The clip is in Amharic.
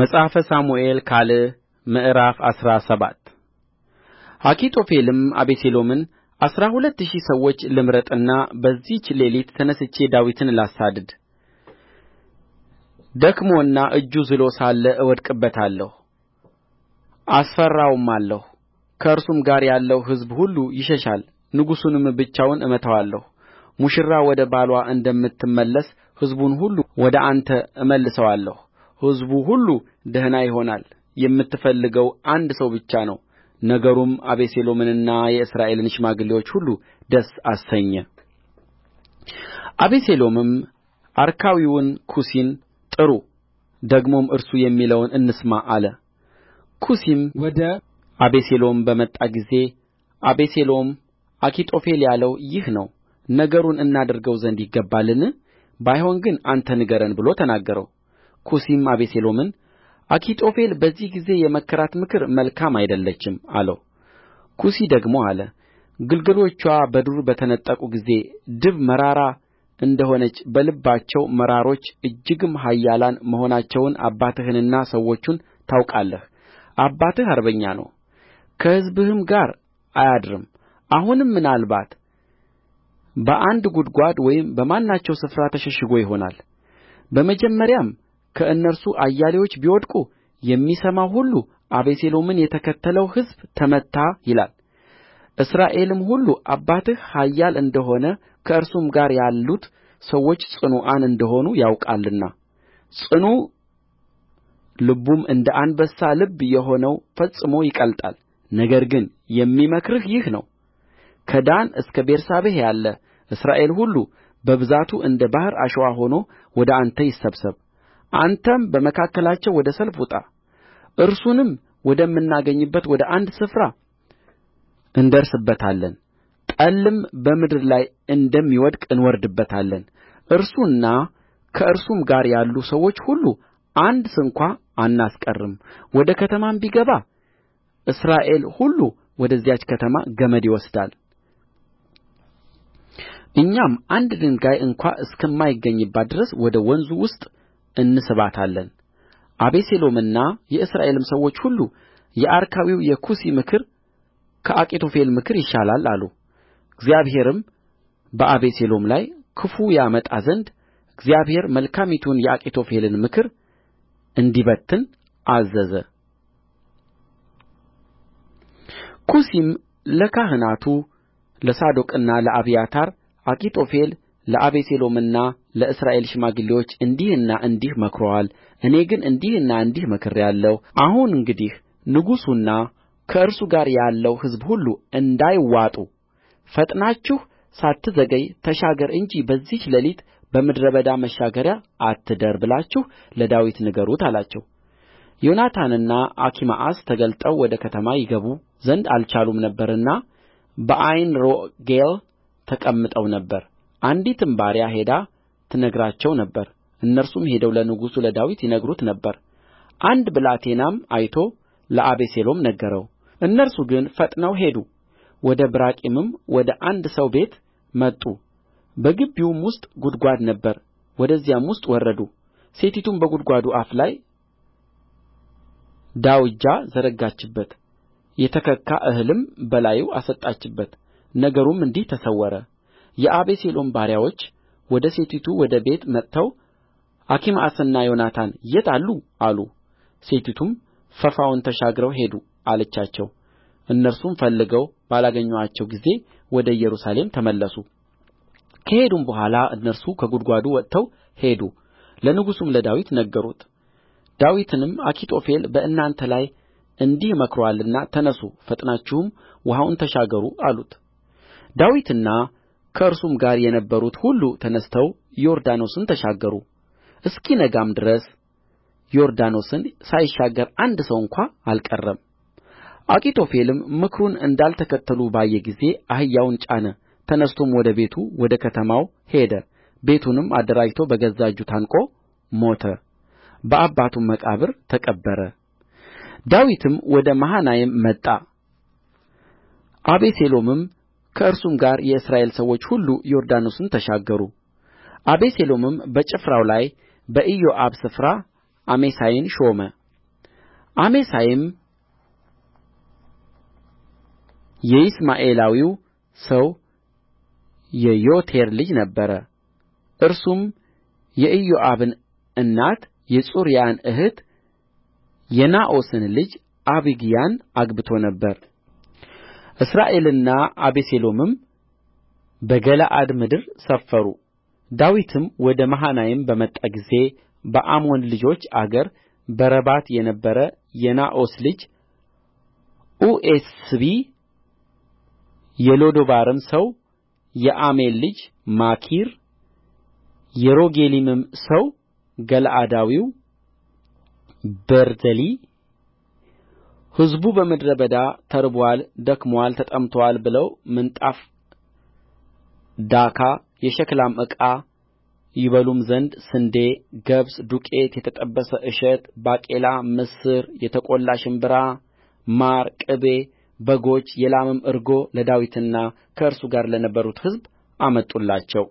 መጽሐፈ ሳሙኤል ካል ምዕራፍ አስራ ሰባት አኪጦፌልም አቤሴሎምን አሥራ ሁለት ሺህ ሰዎች ልምረጥና በዚህች ሌሊት ተነሥቼ ዳዊትን ላሳድድ ደክሞና እጁ ዝሎ ሳለ እወድቅበታለሁ፣ አስፈራውማለሁ። ከእርሱም ጋር ያለው ሕዝብ ሁሉ ይሸሻል፣ ንጉሡንም ብቻውን እመታዋለሁ። ሙሽራ ወደ ባሏ እንደምትመለስ ሕዝቡን ሁሉ ወደ አንተ እመልሰዋለሁ ሕዝቡ ሁሉ ደህና ይሆናል የምትፈልገው አንድ ሰው ብቻ ነው ነገሩም አቤሴሎምንና የእስራኤልን ሽማግሌዎች ሁሉ ደስ አሰኘ አቤሴሎምም አርካዊውን ኩሲን ጥሩ ደግሞም እርሱ የሚለውን እንስማ አለ ኩሲም ወደ አቤሴሎም በመጣ ጊዜ አቤሴሎም አኪጦፌል ያለው ይህ ነው ነገሩን እናደርገው ዘንድ ይገባልን ባይሆን ግን አንተ ንገረን ብሎ ተናገረው ኩሲም አቤሴሎምን አኪጦፌል በዚህ ጊዜ የመከራት ምክር መልካም አይደለችም አለው ኩሲ ደግሞ አለ ግልገሎችዋ በዱር በተነጠቁ ጊዜ ድብ መራራ እንደ ሆነች በልባቸው መራሮች እጅግም ኃያላን መሆናቸውን አባትህንና ሰዎቹን ታውቃለህ አባትህ አርበኛ ነው ከሕዝብህም ጋር አያድርም አሁንም ምናልባት በአንድ ጕድጓድ ወይም በማናቸው ስፍራ ተሸሽጎ ይሆናል በመጀመሪያም ከእነርሱ አያሌዎች ቢወድቁ የሚሰማው ሁሉ አቤሴሎምን የተከተለው ሕዝብ ተመታ ይላል እስራኤልም ሁሉ አባትህ ኃያል እንደ ሆነ ከእርሱም ጋር ያሉት ሰዎች ጽኑዓን እንደ ሆኑ ያውቃልና ጽኑዕ ልቡም እንደ አንበሳ ልብ የሆነው ፈጽሞ ይቀልጣል ነገር ግን የሚመክርህ ይህ ነው ከዳን እስከ ቤርሳቤህ ያለ እስራኤል ሁሉ በብዛቱ እንደ ባሕር አሸዋ ሆኖ ወደ አንተ ይሰብሰብ አንተም በመካከላቸው ወደ ሰልፍ ውጣ እርሱንም ወደምናገኝበት ወደ አንድ ስፍራ እንደርስበታለን ጠልም በምድር ላይ እንደሚወድቅ እንወርድበታለን እርሱና ከእርሱም ጋር ያሉ ሰዎች ሁሉ አንድ ስንኳ አናስቀርም ወደ ከተማም ቢገባ እስራኤል ሁሉ ወደዚያች ከተማ ገመድ ይወስዳል እኛም አንድ ድንጋይ እንኳ እስከማይገኝባት ድረስ ወደ ወንዙ ውስጥ እንስባታለን አቤሴሎምና የእስራኤልም ሰዎች ሁሉ የአርካዊው የኩሲ ምክር ከአኪጦፌል ምክር ይሻላል አሉ እግዚአብሔርም በአቤሴሎም ላይ ክፉ ያመጣ ዘንድ እግዚአብሔር መልካሚቱን የአኪጦፌልን ምክር እንዲበትን አዘዘ ኩሲም ለካህናቱ ለሳዶቅና ለአብያታር አኪጦፌል ለአቤሴሎምና ለእስራኤል ሽማግሌዎች እንዲህና እንዲህ መክሮአል እኔ ግን እንዲህና እንዲህ መክሬአለሁ አሁን እንግዲህ ንጉሡና ከእርሱ ጋር ያለው ሕዝብ ሁሉ እንዳይዋጡ ፈጥናችሁ ሳትዘገይ ተሻገር እንጂ በዚህች ሌሊት በምድረ በዳ መሻገሪያ አትደር ብላችሁ ለዳዊት ንገሩት አላቸው ዮናታንና አኪማአስ ተገልጠው ወደ ከተማ ይገቡ ዘንድ አልቻሉም ነበርና በዓይንሮጌል ተቀምጠው ነበር አንዲትም ባሪያ ሄዳ ትነግራቸው ነበር እነርሱም ሄደው ለንጉሡ ለዳዊት ይነግሩት ነበር አንድ ብላቴናም አይቶ ለአቤሴሎም ነገረው እነርሱ ግን ፈጥነው ሄዱ ወደ ብራቂምም ወደ አንድ ሰው ቤት መጡ በግቢውም ውስጥ ጕድጓድ ነበረ ወደዚያም ውስጥ ወረዱ ሴቲቱም በጕድጓዱ አፍ ላይ ዳውጃ ዘረጋችበት የተከካ እህልም በላዩ አሰጣችበት ነገሩም እንዲህ ተሰወረ የአቤሴሎም ባሪያዎች ወደ ሴቲቱ ወደ ቤት መጥተው አኪማአስና ዮናታን የት አሉ አሉ ሴቲቱም ፈፋውን ተሻግረው ሄዱ አለቻቸው እነርሱም ፈልገው ባላገኙአቸው ጊዜ ወደ ኢየሩሳሌም ተመለሱ ከሄዱም በኋላ እነርሱ ከጕድጓዱ ወጥተው ሄዱ ለንጉሡም ለዳዊት ነገሩት ዳዊትንም አኪጦፌል በእናንተ ላይ እንዲህ መክሮአልና ተነሡ ፈጥናችሁም ውኃውን ተሻገሩ አሉት ዳዊትና ከእርሱም ጋር የነበሩት ሁሉ ተነሥተው ዮርዳኖስን ተሻገሩ እስኪነጋም ድረስ ዮርዳኖስን ሳይሻገር አንድ ሰው እንኳ አልቀረም አኪጦፌልም ምክሩን እንዳልተከተሉ ባየ ጊዜ አህያውን ጫነ ተነሥቶም ወደ ቤቱ ወደ ከተማው ሄደ ቤቱንም አደራጅቶ በገዛ እጁ ታንቆ ሞተ በአባቱም መቃብር ተቀበረ ዳዊትም ወደ መሃናይም መጣ አቤሴሎምም ከእርሱም ጋር የእስራኤል ሰዎች ሁሉ ዮርዳኖስን ተሻገሩ አቤሴሎምም በጭፍራው ላይ በኢዮአብ ስፍራ አሜሳይን ሾመ አሜሳይም የይስማኤላዊው ሰው የዬቴር ልጅ ነበረ እርሱም የኢዮአብን እናት የጽሩያን እኅት የናዖስን ልጅ አቢግያን አግብቶ ነበር እስራኤልና አቤሴሎምም በገለዓድ ምድር ሰፈሩ ዳዊትም ወደ መሃናይም በመጣ ጊዜ በአሞን ልጆች አገር በረባት የነበረ የናዖስ ልጅ ኡኤስቢ የሎዶባርም ሰው የዓሚኤል ልጅ ማኪር የሮግሊምም ሰው ገለዓዳዊው ቤርዜሊ ሕዝቡ በምድረ በዳ ተርቦአል ደክሞአል ተጠምቶአል ብለው ምንጣፍ ዳካ የሸክላም ዕቃ ይበሉም ዘንድ ስንዴ ገብስ ዱቄት የተጠበሰ እሸት ባቄላ ምስር የተቈላ ሽንብራ ማር ቅቤ በጎች የላምም እርጎ ለዳዊትና ከእርሱ ጋር ለነበሩት ሕዝብ አመጡላቸው